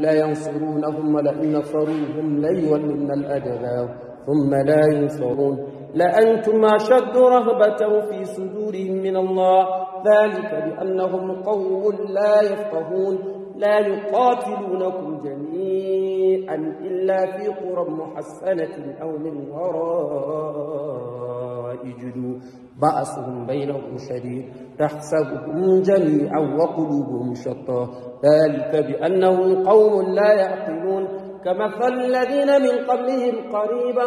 لا ينصرونهم ولئن نصروهم ليولن الأدبار ثم لا ينصرون لأنتم أشد رهبة في صدورهم من الله ذلك بأنهم قوم لا يفقهون لا يقاتلونكم جميعا إلا في قرى محسنة أو من وراء يجدوا بأسهم بينهم شديد تحسبهم جميعا وقلوبهم شطا ذلك بأنهم قوم لا يعقلون كمثل الذين من قبلهم قريبا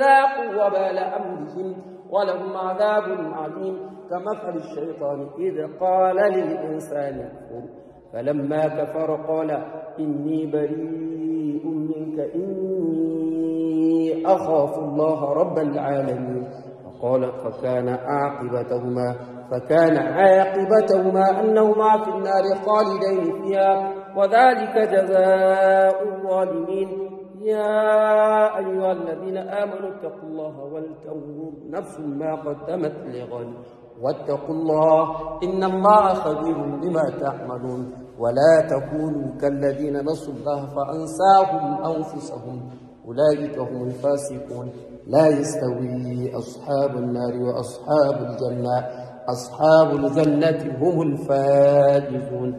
ذاقوا وبال أمرهم ولهم عذاب عظيم كمثل الشيطان إذ قال للإنسان اكفر فلما كفر قال إني بريء منك إني أخاف الله رب العالمين قال فكان عاقبتهما فكان عاقبتهما أنهما في النار خالدين فيها وذلك جزاء الظالمين يا أيها الذين آمنوا اتقوا الله ولتنظر نفس ما قدمت لغد واتقوا الله إن الله خبير بما تعملون ولا تكونوا كالذين نسوا الله فأنساهم أنفسهم أولئك هم الفاسقون لا يستوي أصحاب النار وأصحاب الجنة أصحاب الجنة هم الفائزون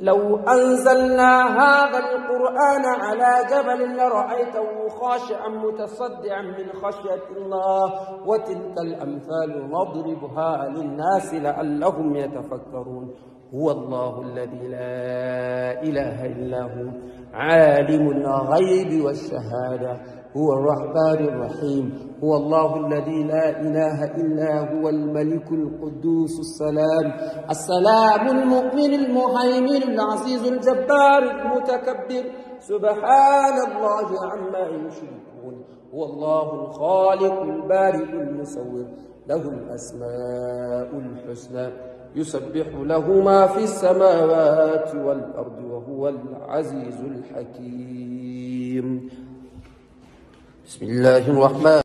لو أنزلنا هذا القرآن على جبل لرأيته خاشعا متصدعا من خشية الله وتلك الأمثال نضربها للناس لعلهم يتفكرون هو الله الذي لا إله إلا هو عالم الغيب والشهادة هو الرحمن الرحيم هو الله الذي لا إله إلا هو الملك القدوس السلام السلام المؤمن المهيمن العزيز الجبار المتكبر سبحان الله عما يشركون هو الله الخالق البارئ المصور له الأسماء الحسنى يسبح له ما في السماوات والأرض وهو العزيز الحكيم بسم الله الرحمن